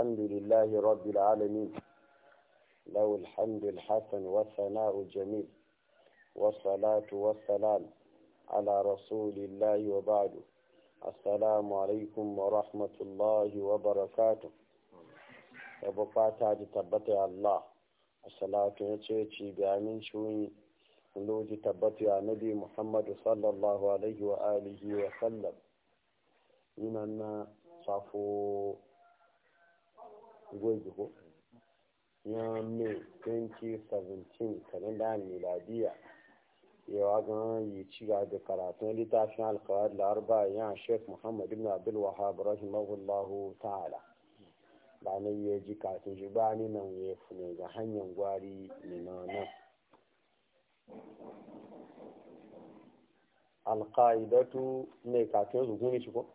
الحمد لله رب العالمين له الحمد الحسن والثناء الجميل والصلاة والسلام على رسول الله وبعد السلام عليكم ورحمة الله وبركاته يبقاتا جتبتي الله الصلاة يتشيتي بأمين شوي لوجي تبتي على نبي محمد صلى الله عليه وآله وسلم من أن صفو goji ko na may 2017 kalendar miladiya yawa gan yi ci ga da karatun littafin alkawar laraba ya sheikh muhammad ibn abdul wahab rahimahullahu ta'ala ba na yi ji katin shi ba ni nan ya fune ga hanyar gwari minana alƙa'idatu ne katin zugun shi ko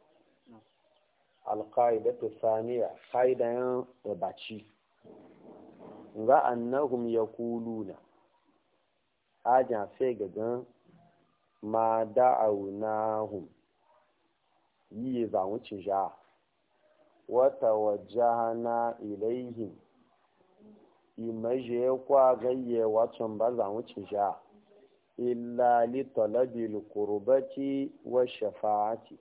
alƙa'idatu saniya ƙa'idayen baci ga nahum ya na ajin sai gagan ma da'aunahum yi za ja wata wajahana ilaihin imaje kwa gayye wacan ba za wuce ja illa litalabil kurbati wa shafa'ati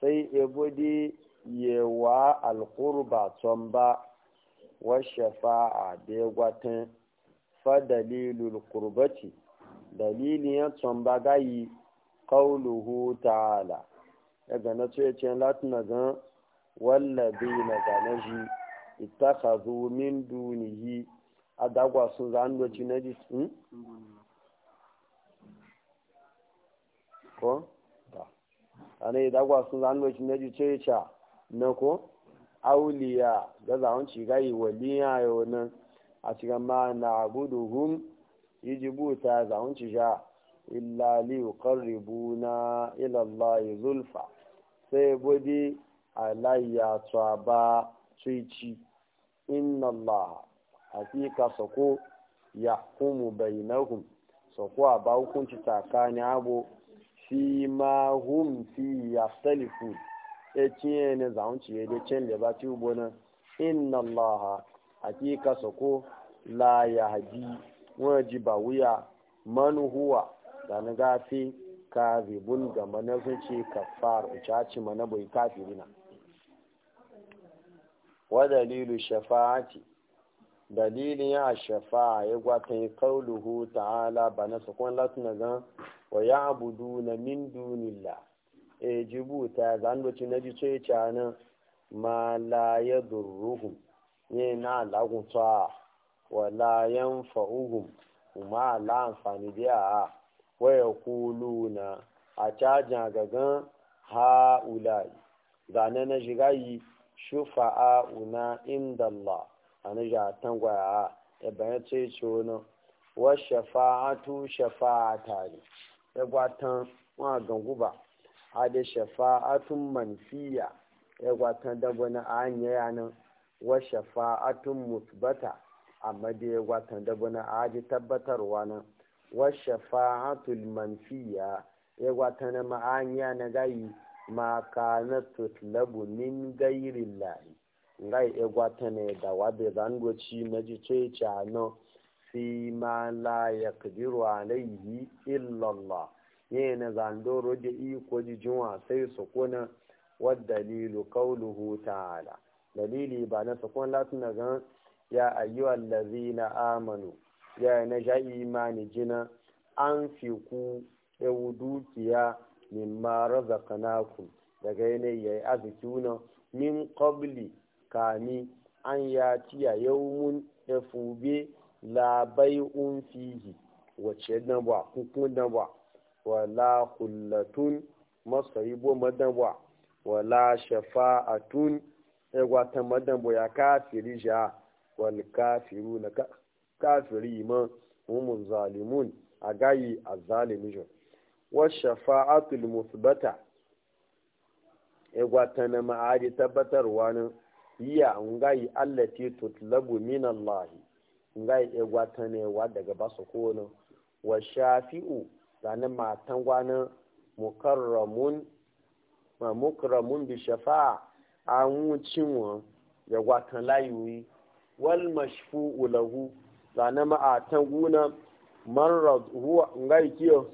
sai ebodi yewa alkurba ton ba wa shafa'a begwatin fa dalilul kurbati dalilin ya ton ba gayi kauluhu ta'ala daga na tuyacin latina gan wallabi na gane shi ittakazu min dunihi adagwa sun zan doci na jisun hmm? ko ane da gwa sun zan lokacin na ji ceca na ko auliya da zaun ci gayi waliya yau nan a cikin ma na guduhun yijibuta zaun ci sha ilali li yuqarribuna ila zulfa sai gudi alayya tsaba tsuici inna Allah hakika sako yahkumu bainahum sako a ba hukunci tsakanin abu fi ma hum fi yaxtalifu e tiɲɛ ne zan ci ye de tiɲɛ leba ti bɔna inna allaha a k'i ka soko la yahdi wani ji ba wuya man huwa zani gafi kazibun ga manafin ce kafar ucaci mana bai kafirina wa dalilu shafa'ati dalilin ya shafa ya gwata yi ta ta'ala ba na sakon latin na gan wa ya abudu na min dunilla e jibuta zan doci na ji ce cana ma la ya durruhum ne na ha wa la yanfa'uhum kuma la amfani da a waya na a cajin gagan ha'ulai zane na shiga yi una inda Allah a na jatan gwaya a ebe ya ce ce wani wa shafa'atu shafa'ata ne ya gwatan wa ganguba a da shafa'atun manfiya ya gwatan dabo na anya wa shafa'atun musbata amma da ya gwatan dabo na aji tabbatarwa nan wa shafa'atul manfiya ya na ma na gayi ma na tutlabu min gairin lahi ngai ya da wa da zangoci na ji ce ce a nan fi ma la ya kadiru alaihi illallah ya na zandoro da iko jijinwa sai su kuna waddalilu kauluhu ta'ala dalili ba na sakon latin na gan ya ayyuwa na amanu ya na sha imani jina an fi ku ewu dukiya mimma razaqnakum daga yanayi ya yi arziki min qabli kami an ya ciya mun efube labai un fihi wace dan ba hukun wala hullatun masaibo madabwa wala shafa'atun egwa ta madabwa ya kafiri ja wal kafiru na kafiri man humun zalimun a gayi a zalimin wa shafa'atul musbata egwa ta na ma'adi tabbatarwa nan yiya an gayi allati tutlabu minallahi e iya wa daga basu kono wa shafi'u sanan matan gwana mukarramun ma mukarramun bi shafa'a an wucin wa ya gwatan layuyi wal mashfu'u lahu sanan matan guna man huwa ngai kiyo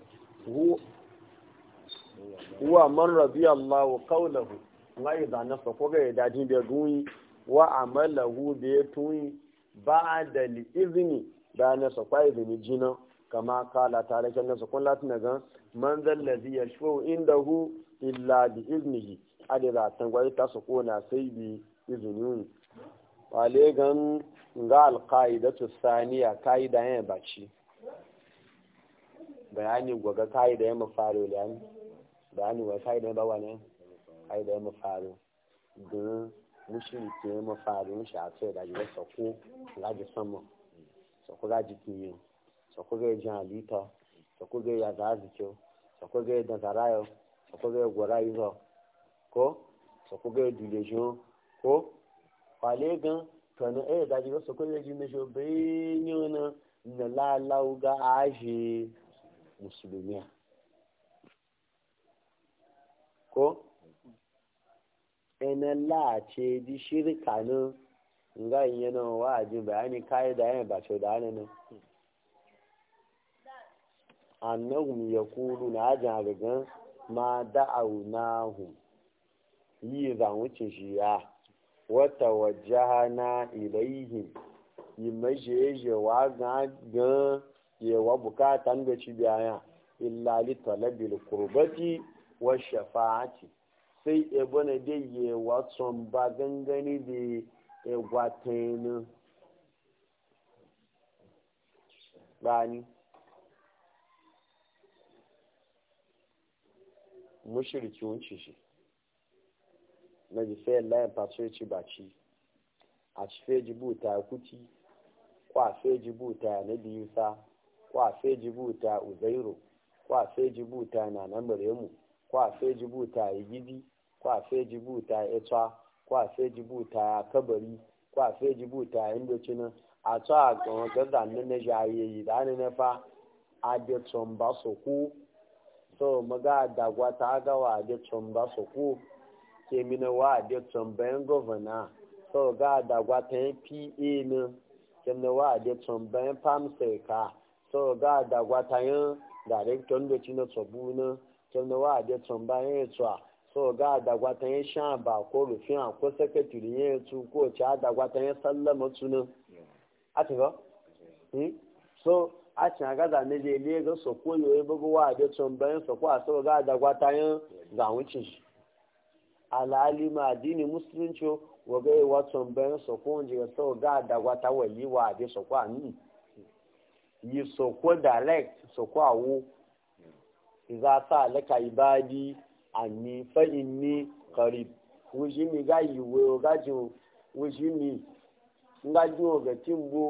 huwa man radiyallahu qawluhu ngai da sa ko ga dadin da guni wa amalahu bi tuyi ba'adali izini bayan ya sakwa izini jino kama kala tare kyan ya sakwa latin na gan manzan lazi ya shi inda hu ila di izini ji a da zaton gwai ta sakwa na sai bi izini wuni ga alka'ida ta saniya ka'ida ya baci bayani gwaga ka'ida ya mafaro liyan bayani ka'ida ya bawa mushriki ya mafarin shi a sai da ya sako gaji sama sako gaji kiyo sako ga jan halitta sako ga yazazi zazi kyau sako ga da zarayo sako ga ko sako ga dilejo ko kwale gan tana eh da ya sako ya jin shi benyo na na la lauga aje musulmiya ko ina laace di shirka ne nga yi yana wa ajin bayani kayi da yana ba da hana ne annahum ya kuru na ajin agagan ma da'au nahum yi zan wuce shi ya wata wajaha na ilaihim yi mashi wa gan yewa bukatan da ci biya illa li talabil qurbati wa shafa'ati sai ebona dai ye watson ba gangani da egwatenu bani wunci na jife layan fasoci baci a cife jibuta kuti kwafe jibuta na biyu sa kwafe jibuta uzairu kwafe jibuta na jibuta ko a feji buta ya tsa ko a feji buta ya kabari ko a feji buta ya indocinin a tsa a gama gaza na na jayayi da ne na fa a da tsomba su ku so maga dagwa ta gawa a da tsomba su ku ke mina wa a da tsomba yan govana so ga dagwa ta yan pa e na ke mina wa a da tsomba yan pamsa ka so ga dagwa ta yan director indocinin tsobu na ke mina wa a da tsomba yan tsa so ga dagwata yin sha ba ko rufin a ko sakatiri yin su ko ci a dagwata sallama sunan a ti ba hmm? so a ci a gaza na lele ga so ko yoyi bugu wa da tun bayan so ko a so ga adagwata yin ga wuce shi alhali ma addini musulunci wa ga yi watan bayan so ko wanda ya so ga adagwata wali wa da so ko a ni yi so ko direct so ko a wo iza sa laka ibadi anni fa inni qarib wuji mi ga yiwe ga jo wuji mi nga jo ga timbo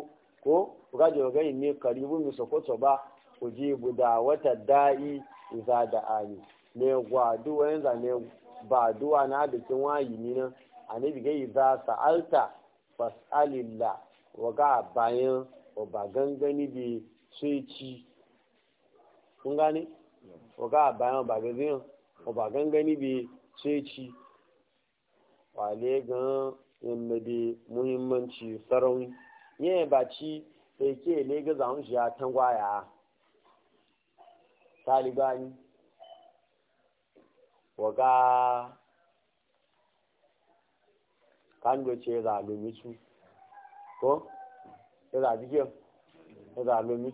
ko ga jo ga inni qaribu mi sokoto ba uji buda wata da'i iza da ani ne gwa duwa yanzu ne ba duwa na da kin wayi ni nan anabi ga iza sa'alta fas'alillah wa ga bayan wa ba gangani bi sai ci kun gane wa ga bayan ba ọba gangani bai ceci ci wale gan yamma bai muhimmanci sarauni yin ba ci da ke ne ga zaun shi a tangwaya talibani waga kango ce za a lomi ko? ya za a ya za a lomi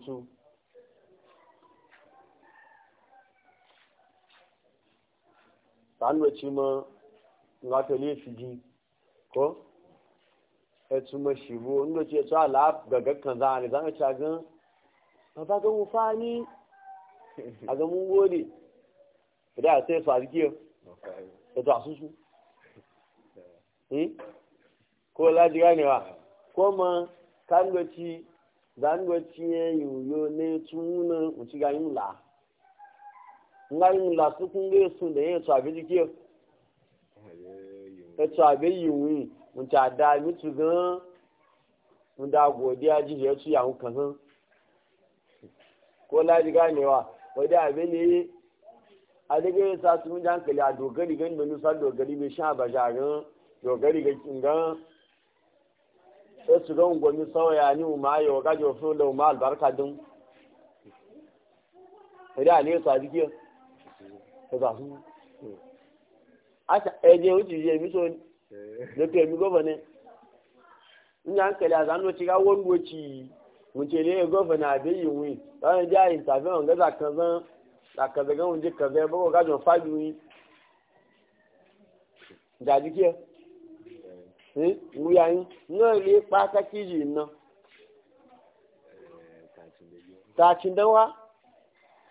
sanwaci e ma nga ta ne su ji ko ya ci ma shi bo ga ce su ala ga gakkan za a ne zan ci gan ba ba gan wufa ni a ga mun gode da sai su a jikiyo da e ta su su hmm? ko laji wa ko ma kanwaci zanwaci ya e yiwuyo ne tun wunan mu ci ganin la ngayin lasu kun ga sun da yin tsabe jike ta tsabe yiwu mun ta da mitu gan mun da godiya ji ya ci yawon kan ko laji ganewa wadda abe ne a daga yin sa sun ji hankali a dogari gani mai nusa dogari mai sha gan, dogari ga kingan sai su ga e ungwani sauya ni mu umma ya wakajo fulo ma albarka din wadda e ne sa jikin ẹgbà fún ẹni ó ti yẹ èmi tó ní lókè èmi gọ́vọ̀nẹ́ ńlá ń kẹlẹ̀ àzánú ti ká wọ́n wọ́n ti mùtẹ̀lẹ́ gọ́vọ̀nẹ́ àbẹ́yẹ̀ wọ̀nyí láwọn ẹjẹ́ àìntàfẹ́ ọ̀gá làkànzán làkànzán wọn jẹ́ kànzán bọ́kọ̀ kájọ fájú yín dàbí kí ẹ wúyà yín náà lè pa sákìjì iná tààtìndẹ́wà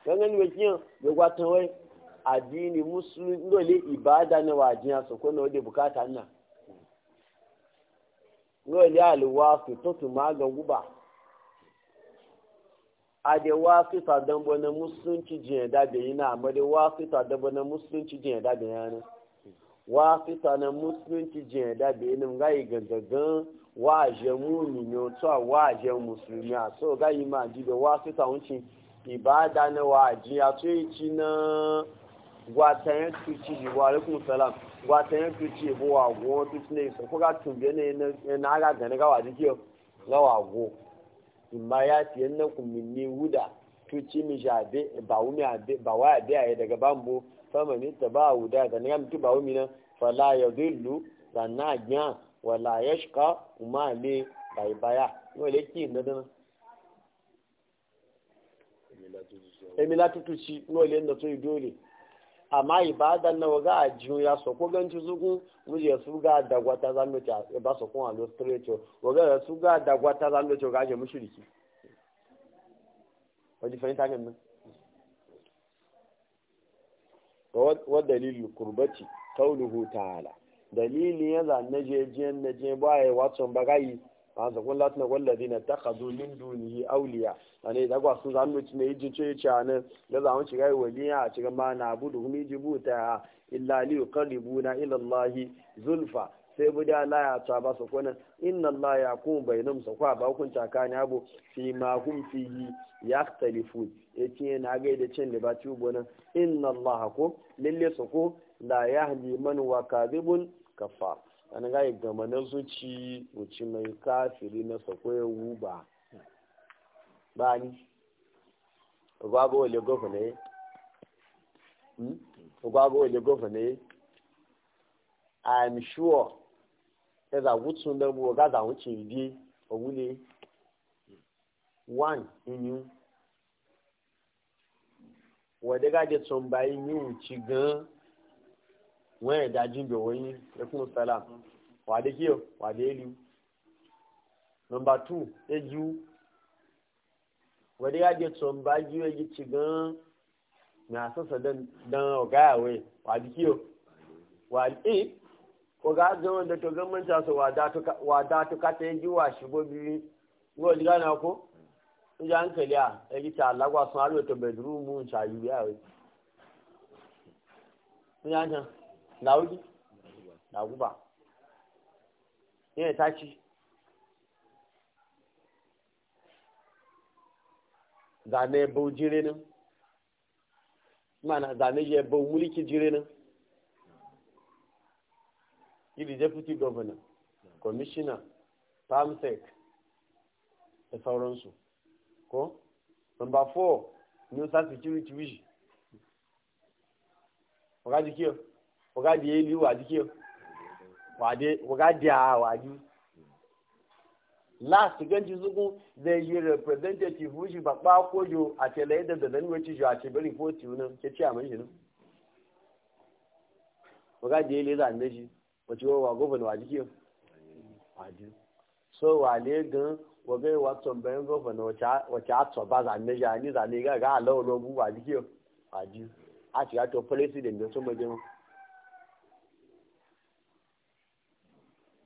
gẹ́gẹ́ ní wẹ́kí hàn gbẹ̀gbà tán wẹ́ẹ́. addini musulun dole ibada na wajiya su kuna wadda bukata nan dole alwa su tutu maga guba a da wasu sadan wani musulunci jiya da bayi na amma da wasu sadan wani musulunci jiya da bayi na wasu sadan musulunci jiya da bayi na gayi gangagan wajen muni ne otu a wajen musulmi a so gayi ma jibe wasu sadan ibada na wajiya to yi na gwatayen tuci ji wa alaikum salam gwatayen tuci bo wa go tuci ne so ko ga tumbe ne na ga gane ga wa dike ga wa go imma ya tiyan nan kun minni wuda tuci mi jabe ba wu mi abe ba wa abe aye daga bambo fama ni ta ba wuda da ne mutu ba wu mi na nan fala yadillu sanna gya wala yashqa kuma le bai baya wale ki na dana emila tutuci wale na so dole amma ibadan na waga a jiyo ya so ko ganci zugu muje ya su ga dagwata za mu ta ba su kun a strecho waga ya su ga dagwata za mu ta ga je mushriki wadi fahimta kan nan wa dalilul qurbati qawluhu ta'ala dalili ya za na je je na je ba ya watson bagayi hanzu kun latin wallazi na ta kazo min duniyi auliya a ne zagwa sun zanu ci ne ce ce ne da zamu shiga yi waliya a cikin ma na budu kuma yiji buta illa li yuqarribu na ila zulfa sai bu da la ya ta ba su kunan inna allah ya ku bainum su kwa ba kun takani abu fi ma hum fihi yaktalifun yace na ga da cin libati bonan inna allah ku lalle su la yahdi man wa kadhibun kafar an ga gama na zuci wuce mai kafiri na sakwai wuba ba ni ogbago wale gọvanọ ye hmm? ogbago wale i sure ẹza e wutun lẹbu ọgá àwọn wuce ì di one inú wọ́n dẹ́gájẹ́ tó ń ba gan wọ́n ẹ̀dá jíǹbẹ̀ wọ́nyí ẹkún sẹ́lá wàdé kí o wàdé élu nọmba tù éjú wọ́dé yá jẹ́ tọ̀m̀bá jú éjú ti gan ní àsọ̀sọ̀ dán ọ̀gá àwẹ̀ wàdé kí o wàdé ọ̀gá àjọwọ̀n dẹ̀tọ̀ gọ́mẹ̀ntì àṣọ wàdá tó kàtà éjú wà ṣùgbọ́n bíbí wọ́n ọ̀dí gánà kó ń jẹ́ à ẹ̀rí ta alágbàsán àlùtọ̀ bẹ̀dúrú mú ìṣàyù yá rẹ̀ ń yá lawuji laguba sai tashi zane bau jirinin mana zane ya bau mulki jirinin iri deputy governor commissioner palmsec da sauransu ko number 4 new south security vision wakati kiyo wọ́gá di éli wàdí kí wọ́gá di àwàdí last ganci zugun zai yi representative shi ba ba kojo a tele da da dan wace jo a ce bari a mai shi nan wọ́gá di éli zan ne shi wace wa gofin wàdí kí wàdí so wàlé gan wọ́gá wa tọ̀bẹ̀rẹ̀ gofin wace a zan ne shi a ni zan ne ga ga alawar ogun wàdí kí wàdí a ti ya to president da sun majalisa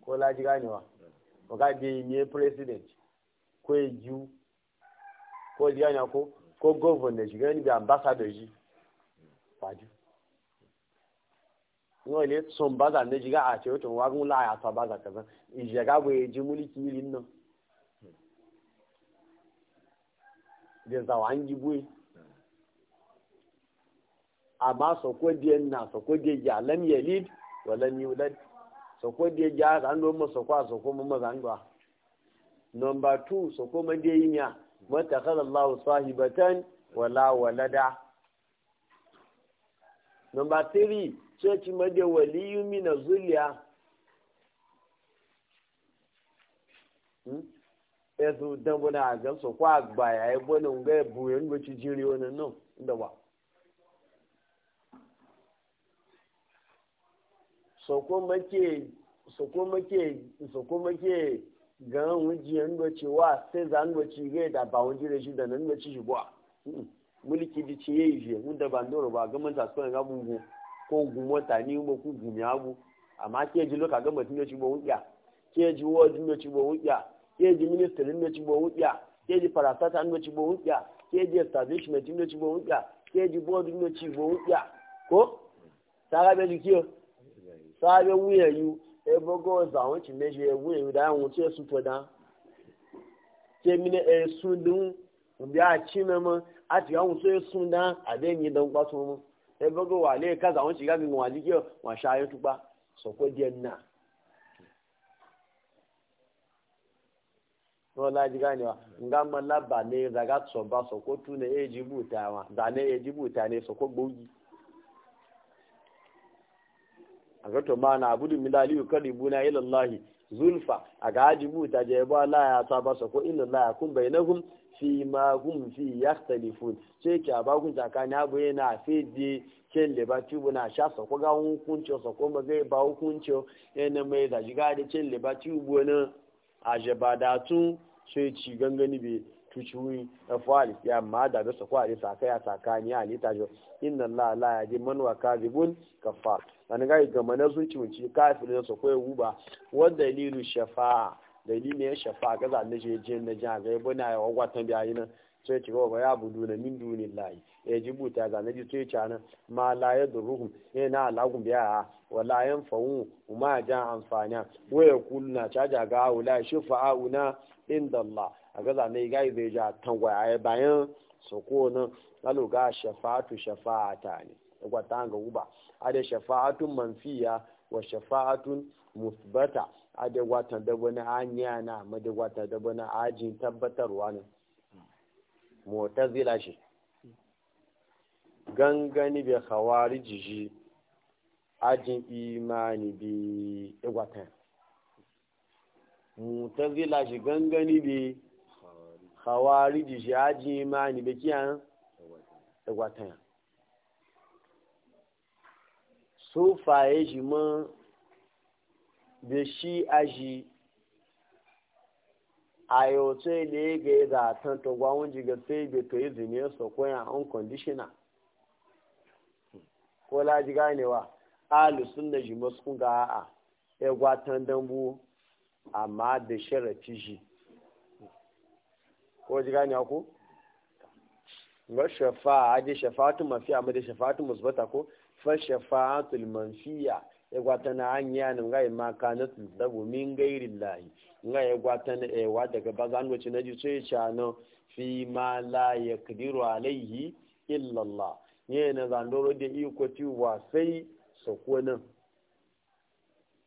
ko laji ganewa ba ga bi ne president ko eju ko ji ganewa ko ko governor ji gani bi ambassador ji faju no ile son baza ne ji ga a ce wato wagun la ya ta baza kaza ije ga bo ji muliki irin nan da zawan gibuwe amma sako biyan na sako da ya lam yalid wa lam yulad soko da ja ka an noma soko a soko mun maza an gwa number two soko ma da yi ya mata kada Allah sahibatan wala walada number so church ma da waliyu min zuliya hmm? ezu dambona a gan soko agba gbaya ya bane nga ya buye nga ci jiri wani nan da ba sokoma ke gan wujiyar ndoci wa sai za ndoci gai da ba wani da shi da nan ndoci shi hmm. ba mulki ji ce ya yi shi mun da ban doro ba gaman ta suna gabu ko ko gumota ni ba ku gumi abu amma ke ji loka gama tun ndoci ba wuya ke ji ward ndoci ba wuya ke ji minister ndoci ba wuya ke ji parasata ndoci ba wuya ke ji establishment ndoci ba wuya ke ji board ndoci ba wuya ko ta ga ji kiyo sabe wuyayu ebogo zawon ci meje wuyayu da an wuce su to da ke mine e sundun bi a ci na ma a ti an wuce sun da a be ni dan kwaso mu ebogo wa le ka zawon ci ga mi wa jike wa shayo tupa so ko die na to la ji gani wa ngamba labba ne daga tsoba so ko tune ejibuta wa da ne ejibuta ne so ko gbogi a ga ma na abudu milali yukaribuna ila Allah zulfa a ga ajibu ta je ba la ya ta ba ko inna la yakun bainahum fi ma hum fi yakhtalifun ce ki ba kun tsakani abu yana fi di ken le ba tubu na sha sa ko ga hukunci sa ko ba zai ba hukunci yana mai da jiga da ken le ba tubu na ajabadatu ce ci gangani be tuciwi na e fali ya ma da ga sa ko a saka ya sakani ta jo inna la la ya wa kadibun kafar wani gari gama na zunci wunci kafin da su koyi wuba wanda dalilu shafa'a dalilin shafa'a ga zan je je na jan ga yabo na yawa gwatan biyayi nan sai ci gaba ya budu na min duni layi ya ji buta ga na ji sai ci nan ma la ya duruhum yana alagun biya wala yan fawu ma jan amfani waya kulna caja ga wala shafa'a una inda Allah a ga zan yi gari zai ja tangwaya bayan soko nan aloga shafa'atu shafa'ata ne gwata ga uba ade shafa'atun manfiya wa shafa'atun musbata ade gwata da wani anya na ma wata da wani ajin tabbatarwa ne mu'tazila shi gangani bi khawariji shi ajin imani bi e gwata mu'tazila shi gangani bi khawariji shi ajin imani bi kiyan e gwata e sufaye shi man da shi aji a yau sai da ya ga ya zaton ta gwawon jiga sai bai to yi zine su koyan unconditional ko laji ganewa alusun da ji masu kunga a ya gwatan dambu amma da sharafi shi ko ji ganewa ko? ga shafa a ji shafa tun mafi amma da shafa tun musbata ko fashafa'atul manfiya ya gwata na hanya ga ngai maka na tsago min gairi lahi ngai ya gwata na ewa daga bazan wacce na ji sai cha no fi ma la yaqdiru alaihi illa Allah ne na zandoro da iko ti wa sai sako nan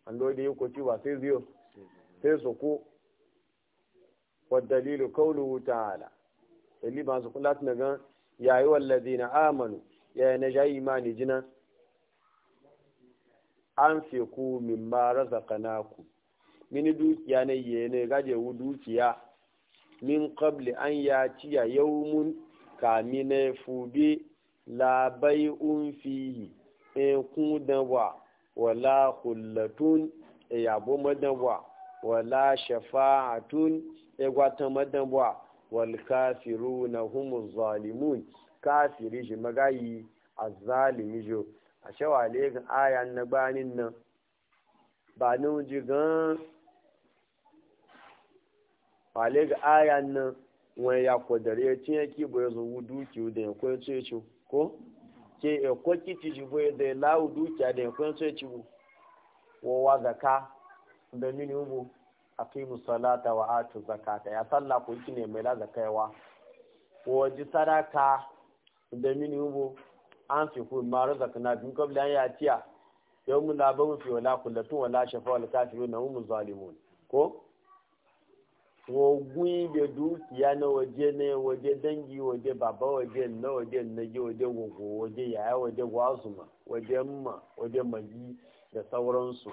andoro da iko ti wa sai ziyo sai soko wa dalilu qawluhu ta'ala dalili ba su kula tana ga yayi wallazina amanu ya na jayi imani jinan an fi ku min ma razaqnakum min dukiya ne yene ne gaje wu dukiya min qabli an ya yau yawmun ka mine fubi la bay'un fihi e ku dawa wala khullatun e yabo madawa wala shafa'atun e gwata madawa wal kafiruna humuz zalimun kafiri je magayi azzalimi je a shawa legan aya na banin nan ba ni wuji gan ba legan aya nan wani ya kodare cin yaki bai ya zuwu dukiyu da ya ya ci ko ke ya kwaki ci ji bai da ya lawu dukiya da ya ya ci bu wawa zaka da nini ubu a fi musalata wa atu zakata ya salla ko ne mai la zakaiwa ji sadaka da mini ubu an fi ku ma razaqna bin ya tiya yatiya mun la bawu fi wala kullatu wala shafa wal kafirun mun zalimun ko wogun be dukiya na waje ne waje dangi waje baba waje na waje na ji waje gogo waje yaya waje gwazuma waje ma waje magi da sauransu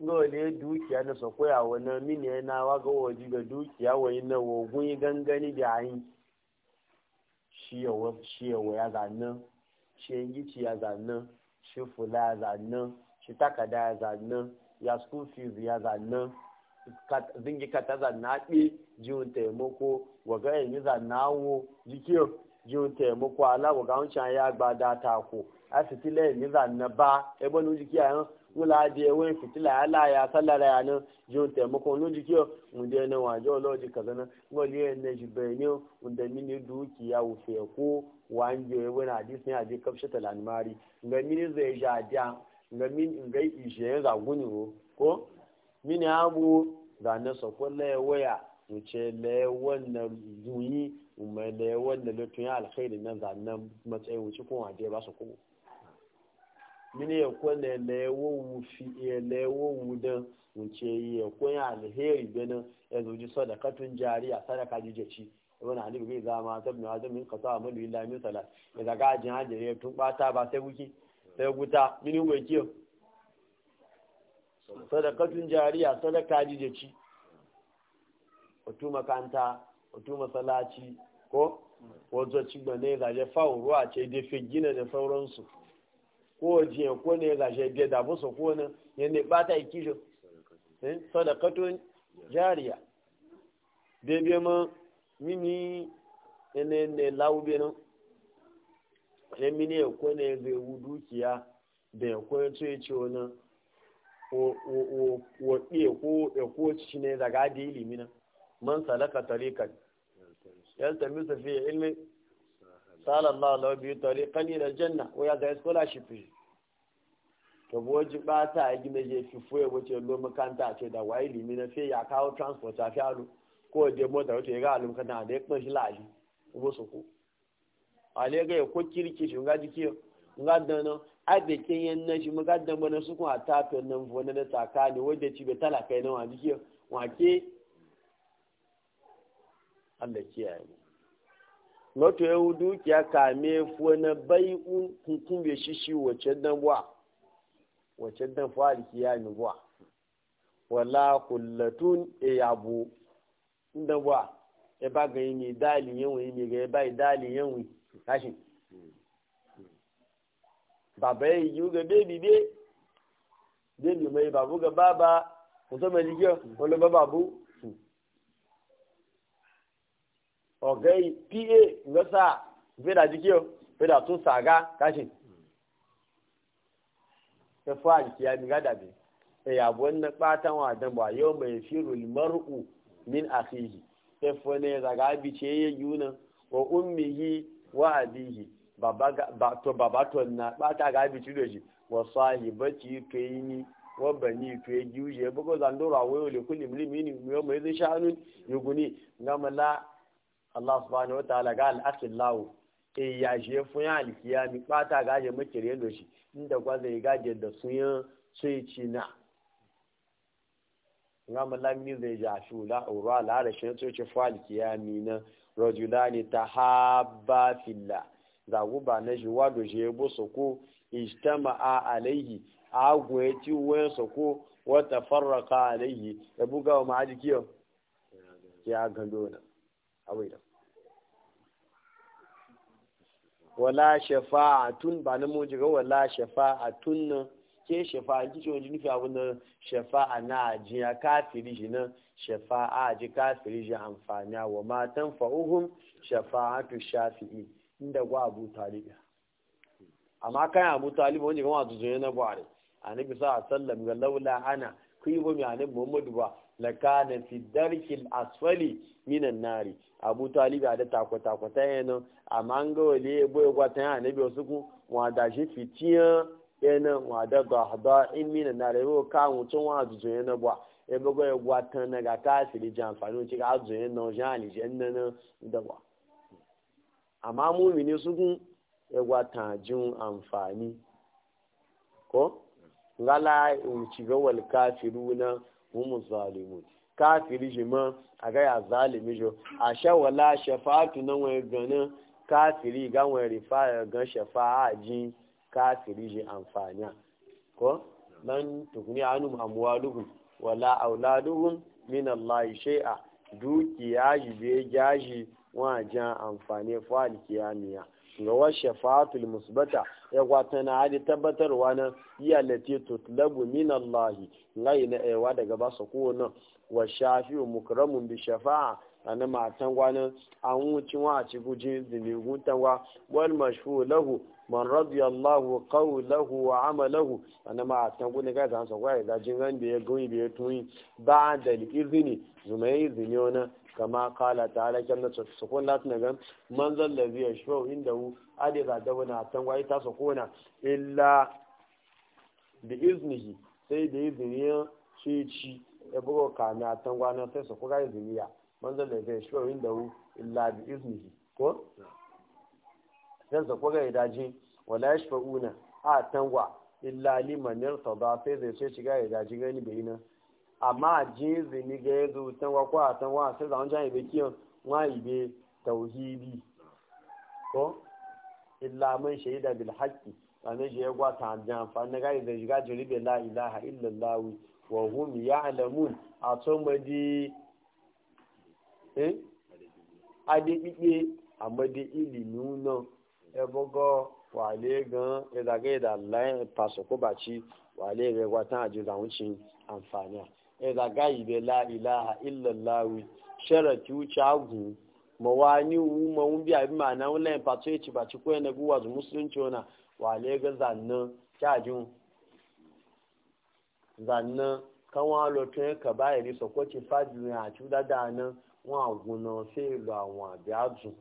dole dukiya na sakoya wani mini na waga waje da dukiya wani na wogun gangani da ayin shi yawa ya zanen shi ya zannan shi fula ya zannan shi takada ya zannan ya school fees ya zannan zingi kata zanna ɗi jiwon taimako waga yanyi zanna wo jikiyar jiwon taimako ala waga wancan ya gba data ko a fitila yanyi zanna ba ebe nu jikiya yan wula di ewe fitila ya la ya sallara ya nan jiwon taimako nu jikiyar wunde na waje oloji kaza na ngoli yanyi jibe ne wunde mini dukiya wufe ko wange wani hadisi ne a je kafshi mari ga mini zai ja dia ga min ga ishe ya zaguni ro ko mini abu ga na sako lewaya wuce lewan na zuyi umar lewan na lutun ya alkhairi nan zanen matsayin wuce kuma wade ba su kuma mini ya kone lewo wufi ya lewo wudan wuce ya kone alheri benin ya zoji sadakatun jariya sadaka jijaci wani hannu bai zama ta bin wajen min kasa amma da illa min sala da daga ajin hajji ya tun bata ba sai wuki sai wuta mini wai kiyo sadakatun jariya sadaka ji da ci wato makanta wato masalaci ko wato ci ba ne zaje fawo ruwa ce da gina da sauransu ko jiya ko ne zaje da da busa ko ne yanda bata ikishin eh, sadakatun jariya bebe ma mini ene ne laube no ne mini e ko ne be wudu kiya be ko to e ci ona o o o e ko e ko ci ne daga da ilimi na man salaka tariqan tamisa fi ilmi sallallahu alaihi bi tariqan ila janna wa ya shi scholarship to boji ba a gina je fi fuye wace lo makanta ce da wa ilimi na fi ya kawo transport a fi alo ko je mota wato ga alum kana da yakman shi laji ubo ku ale ga ko kirki shi ga jiki ga a ade kenyen na shi ga dan bana su ta atafe nan vona da ne wanda ci be talaka ne wa jiki wa ke Allah kiyaye mu wato ya wudu ya kame fuwa na bai'un hukun bai shishi wacce dan wa wacce dan fari kiyaye mu wa wala kullatun iyabu e inda wa e ba ga e yi mai dali yawon yi mai ga ya ba yi dali yawon kashin baba ya yi ga bebi be bebi mai e, babu ga baba kusa mai jike e wani ba babu ọ̀gẹ́ pa ngọ́sà fẹ́dà jíkẹ́ fẹ́dà tún sàgá káṣí ẹfọ́ àjíkẹ́ àmì gádàbí ẹ̀yàbọ̀ nípa táwọn àdánbọ̀ àyọ́ mẹ́fì ròlìmọ́rùkù min akhihi efo ne daga bice ye yuna wa ummihi wa abihi baba ba to baba to na ba ta ga do doji wa sahibati kayni wa bani to ye juje bugo zandura wayo le kulli mlimini yo mai zai shanun yuguni ngamala Allah subhanahu wa ta'ala ga al-akhillahu e ya je fun ya alkiyami ba ta ga je makire doji inda kwa zai je da suyan sai cina nga malami zai ja shula ura la da shi so ce fali kiyami na rajulani tahabba fillah za guba na shi wado je bo soko ijtama'a alaihi agwe ti wen soko wa tafarraqa alaihi da e buga ma ma'aji kiyo ya gando na awai da wala shafa'atun ba na mu jiga wala shafa'atun ke shafa an kici wajen nufi abin da shafa a na ajiya kafiri shi nan shafa a aji kafiri shi amfani wa matan fa'uhun shafa a tu shafi'i inda gwa abu talibi amma kan abu talibi wani gama zuzo yana buhari a nabi sa sallam ga laula ana kuyi ba mai anabi muhammadu ba lakana fi darkil asfali minan nari abu talibi a da takwatakwata yana amma an ga wale ya boye gwata yana nabi wasu kun wadashi fitiyan yana wada ga hada in mina na rewo ka mutun wa azu yana bwa e bugo ya gwatan na ga ka siri jan fanu ci ga azu yana jan ali janna na da bwa amma mu'mini su kun ya gwatan jin amfani ko ngala ci ga wal kafiruna hum zalimun kafiri jima a ga ya zalimi jo a shawala shafa'atu nan wani ganin kafiri ga wani rifa ga shafa'a jin kafiri je amfani ko lan tukuni anu amwaluhum wala auladuhum min Allah shay'a dukiya ji be jaji wajen amfani fa'al kiyamiya ga wa shafa'atul musbata ya Tana, hadi tabbatarwa na iya lati tutlabu min Allah lai na ewa daga ba su ko wa shafi mukramun bi shafa'a ana tangwa ne an wucin wa a cikin jin zini hutan wa wal mashfu lahu man radiyallahu lahu wa amalahu ana matan gwanin ga zan sokwa da jin ran da ya goyi da ya tuni ba da izini zumai zini ona kama kala ta halakin da lati latin daga manzan da zai shau inda hu ade za da wani atan ita ta kona illa da iznihi sai da izini ya ce ci ya buga kame tangwa na sai sokwa izini ya man da zai shi da inda hu illa bi iznihi ko dan sa koga ya daji wala yashfa'una a tangwa illa liman yartada sai zai sai shiga ya daji gani bai nan amma je zini ga ya zo tangwa ko a tangwa sai zan jan ibe kiyon wa ibe tauhidi ko illa man shaida bil haqqi sannan shi ya gwata hajji amfani gari da shiga jiribe la ilaha illallah wa hum ya'lamun a tun eh adepipe ilimi na ebogo wale gan edage e da lai e paso ko bachi wale re watan ajo da wucin amfani edaga ibe la ilaha illallah sharati wuce agun mawani wu mawun bi abi ma'ana wun lai pato yace e bachi ko yana guwa zu musulunci wana wale ga zannan kyajin zannan kan wa lotun ka bayani sokoci fajin a cuda da nan wọn àgùnà ṣe ìlú àwọn àbí àdùn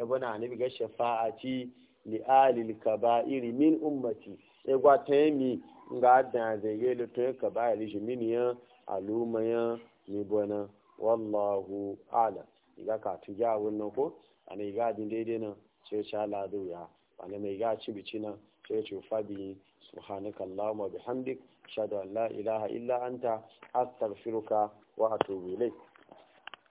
ẹbọn náà níbi gẹ ṣẹfà àti lè àlìlì kaba ìrì mí ọmọtì ẹgbà tẹ́ẹ̀mì nga dàn àzẹ̀yẹ lẹ́tọ́ kaba ìrìṣẹ́ mí nìyẹn àlùmọ́yẹn níbọn náà àlà ìgbà kàtúnjà àwọn àná ìgbà náà ṣe ce subhanaka la ilaha